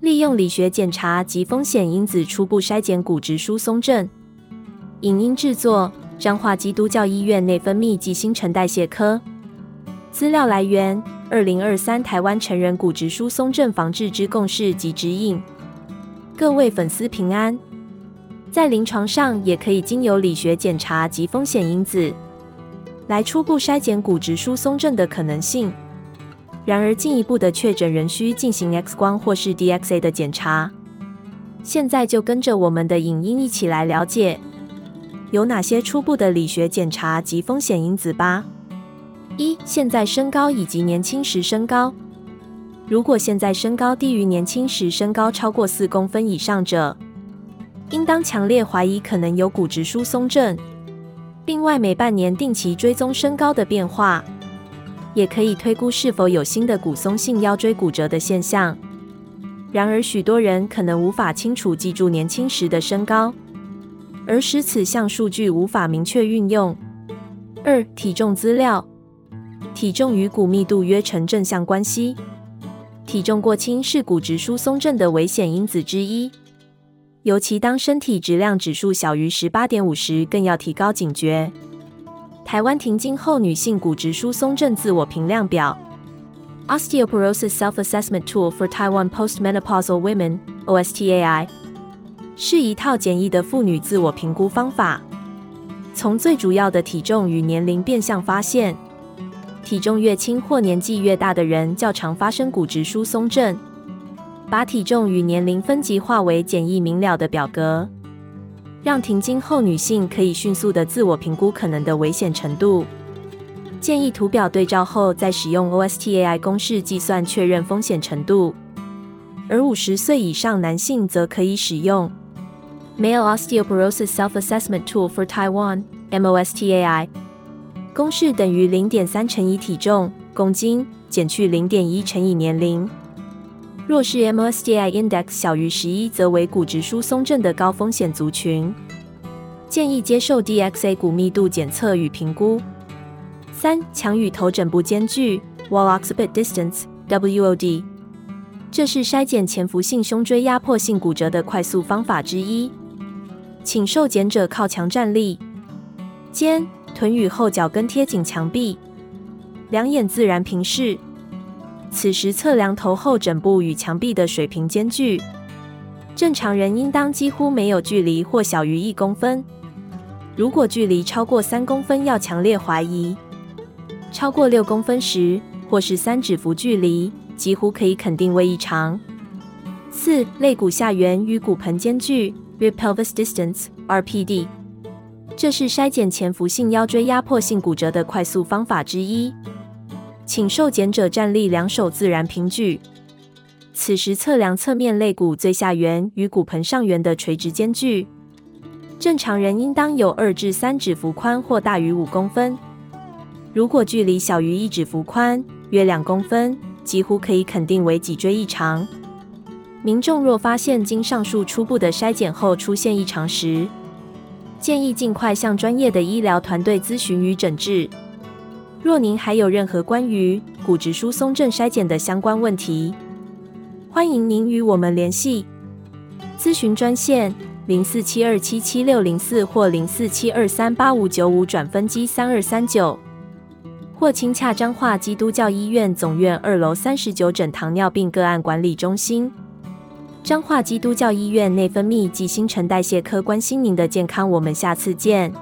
利用理學檢查及風險因子初步篩檢骨質疏鬆症。影音製作：彰化基督教醫院內分泌暨新陳代謝科。資料來源：二零二三台灣成人骨質疏鬆症防治之共識及指引。各位粉絲平安。在臨床上也可以經由理學檢查及風險因子，來初步篩檢骨質疏鬆症的可能性。然而，進一步的確診仍需進行 X 光或是 DXA 的檢查。現在就跟着我們的影音一起來了解有哪些初步的理學檢查及風險因子吧。一、現在身高以及年輕時身高。如果現在身高低於年輕時身高超過四公分以上者，應當強烈懷疑可能有骨質疏鬆症。另外，每半年定期追蹤身高的變化。也可以推估是否有新的骨鬆性腰椎骨折的現象。然而，許多人可能無法清楚記住年輕時的身高，而使此項數據無法明確運用。二、體重資料，體重與骨密度約成正向關係，體重過輕是骨質疏鬆症的危險因子之一，尤其當身體質量指數小於十八點五時，更要提高警覺。台灣停經後女性骨質疏鬆症自我評量表 （Osteoporosis Self-Assessment Tool for Taiwan Postmenopausal Women, OSTAI） 是一套簡易的婦女自我評估方法。從最主要的體重與年齡變項發現，體重越輕或年紀越大的人，較常發生骨質疏鬆症。把體重與年齡分級化為簡易明了的表格。讓停經後女性可以迅速的自我評估可能的危險程度，建議圖表對照後再使用 OSTAI 公式計算確認風險程度。而五十歲以上男性則可以使用 Male Osteoporosis Self-Assessment Tool for Taiwan (MOSTAI) 公式等於零點三乘以體重，公斤減去零點一乘以年齡。若是 MSDI index 小於十一，則為骨質疏鬆症的高風險族群，建議接受 DXA 骨密度檢測與評估。三、強與頭枕部間距 w a l l o x b p i t d Distance，WOD），這是篩檢潛伏性胸椎壓迫性骨折的快速方法之一。請受檢者靠牆站立，肩、臀與後腳跟貼緊牆壁，兩眼自然平視。此時測量頭後枕部與牆壁的水平間距，正常人應當幾乎沒有距離或小於一公分。如果距離超過三公分，要強烈懷疑；超過六公分時，或是三指幅距離，幾乎可以肯定為異常。四、肋骨下緣與骨盆間距 r e Pelvis Distance，R.P.D.） 這是篩檢潛伏性腰椎壓迫性骨折的快速方法之一。請受檢者站立，兩手自然平舉。此時測量側面肋骨最下緣與骨盆上緣的垂直間距。正常人應當有二至三指幅寬或大於五公分。如果距離小於一指幅寬，約兩公分，幾乎可以肯定為脊椎異常。民眾若發現經上述初步的篩檢後出現異常時，建議盡快向專業的醫療團隊諮詢與診治。若您還有任何關於骨質疏鬆症篩檢的相關問題，歡迎您與我們聯繫。諮詢專線：零四七二七七六零四或零四七二三八五九五轉分機三二三九，或親洽彰化基督教醫院總院二樓三十九診糖尿病個案管理中心。彰化基督教醫院內分泌暨新陳代謝科關心您的健康，我們下次見。